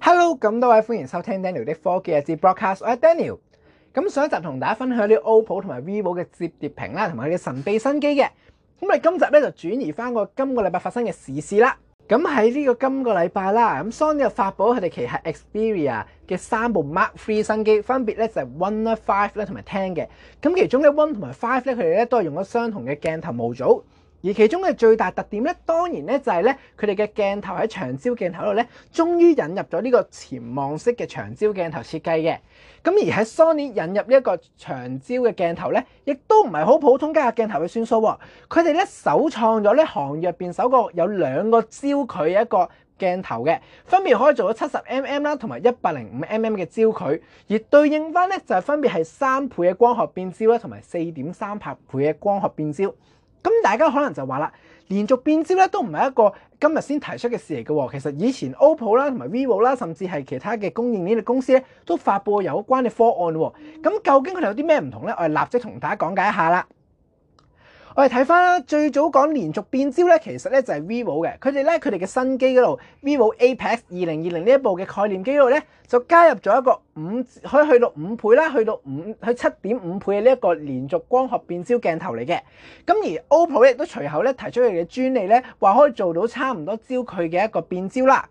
Hello，咁多位，歡迎收聽 Daniel 的科技日誌 Broadcast，我係 Daniel。咁上一集同大家分享啲 OPPO 同埋 VIVO 嘅摺疊屏啦，同埋佢嘅神秘新機嘅。咁我哋今集咧就轉移翻個今個禮拜發生嘅時事啦。咁喺呢個今個禮拜啦，咁 Sony 又發布佢哋旗下 Xperia 嘅三部 Mark Three 新機，分別咧就係 One、Five 咧同埋 Ten 嘅。咁其中咧 One 同埋 Five 咧，佢哋咧都係用咗相同嘅鏡頭模組。而其中嘅最大特點咧，當然咧就係、是、咧，佢哋嘅鏡頭喺長焦鏡頭度咧，終於引入咗呢個潛望式嘅長焦鏡頭設計嘅。咁而喺 Sony 引入呢一個長焦嘅鏡頭咧，亦都唔係好普通家下鏡頭嘅選數。佢哋咧首創咗咧行業入邊首個有兩個焦距嘅一個鏡頭嘅，分別可以做到七十 mm 啦，同埋一百零五 mm 嘅焦距，而對應翻咧就係、是、分別係三倍嘅光學變焦啦，同埋四點三拍倍嘅光學變焦。咁大家可能就話啦，連續變焦咧都唔係一個今日先提出嘅事嚟㗎喎。其實以前 OPPO 啦同埋 VIVO 啦，甚至係其他嘅供應鏈嘅公司咧，都發布有關嘅方案喎。咁究竟佢哋有啲咩唔同咧？我哋立即同大家講解一下啦。我哋睇翻啦，最早講連續變焦咧，其實咧就係 VIVO 嘅，佢哋咧佢哋嘅新機嗰度，VIVO Apex 二零二零呢一部嘅概念機度咧，就加入咗一個五可以去到五倍啦，去到五去七點五倍嘅呢一個連續光學變焦鏡頭嚟嘅。咁而 OPPO 亦都隨後咧提出佢嘅專利咧，話可以做到差唔多焦距嘅一個變焦啦。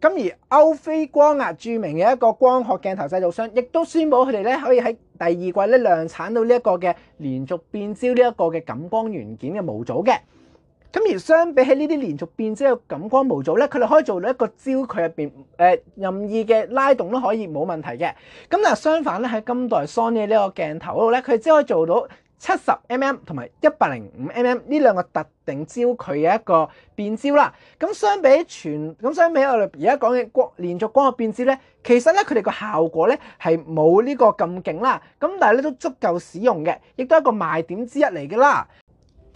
咁而歐菲光壓著名嘅一個光學鏡頭製造商，亦都宣布佢哋咧可以喺第二季咧量產到呢一個嘅連續變焦呢一個嘅感光元件嘅模組嘅。咁而相比起呢啲連續變焦嘅感光模組咧，佢哋可以做到一個焦距入邊誒任意嘅拉動都可以冇問題嘅。咁但係相反咧喺今代 Sony 呢個鏡頭嗰度咧，佢只可以做到七十 mm 同埋一百零五 mm 呢兩個特定焦距嘅一個變焦啦，咁相比全咁相比我哋而家講嘅光連續光學變焦咧，其實咧佢哋個效果咧係冇呢個咁勁啦，咁但係咧都足夠使用嘅，亦都係一個賣點之一嚟嘅啦。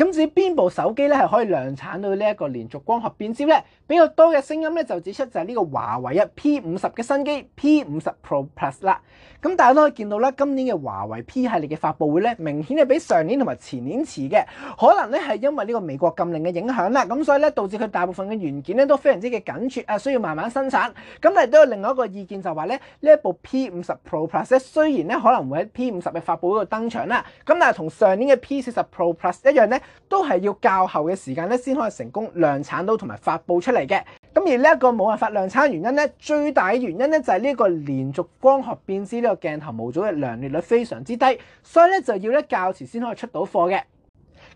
咁至於邊部手機咧係可以量產到呢一個連續光學變焦咧？比較多嘅聲音咧就指出就係呢個華為一 P 五十嘅新機 P 五十 Pro Plus 啦。咁大家都可以見到啦，今年嘅華為 P 系列嘅發布會咧，明顯係比上年同埋前年遲嘅，可能咧係因為呢個美國禁令嘅影響啦。咁所以咧導致佢大部分嘅元件咧都非常之嘅緊缺啊，需要慢慢生產。咁但係都有另外一個意見就係話咧，呢一部 P 五十 Pro Plus 咧雖然咧可能會喺 P 五十嘅發布嗰度登場啦，咁但係同上年嘅 P 四十 Pro Plus 一樣咧。都係要較後嘅時間咧，先可以成功量產到同埋發佈出嚟嘅。咁而呢一個冇辦法量產嘅原因咧，最大嘅原因咧就係呢個連續光學變焦呢個鏡頭模組嘅良率率非常之低，所以咧就要咧較遲先可以出到貨嘅。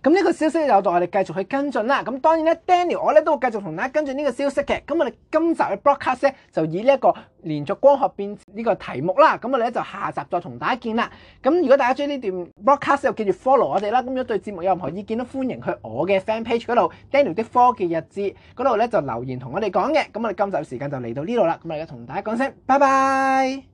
咁呢個消息就有待我哋繼續去跟進啦。咁當然咧，Daniel 我咧都會繼續同大家跟進呢個消息嘅。咁我哋今集嘅 broadcast 咧就以呢一個連續光學變呢個題目啦。咁我哋咧就下集再同大家見啦。咁如果大家鍾意呢段 broadcast 又記住 follow 我哋啦。咁如果對節目有任何意見都歡迎去我嘅 fan page 嗰度 Daniel 的科技日誌嗰度咧就留言同我哋講嘅。咁我哋今集嘅時間就嚟到呢度啦。咁我而家同大家講聲拜拜。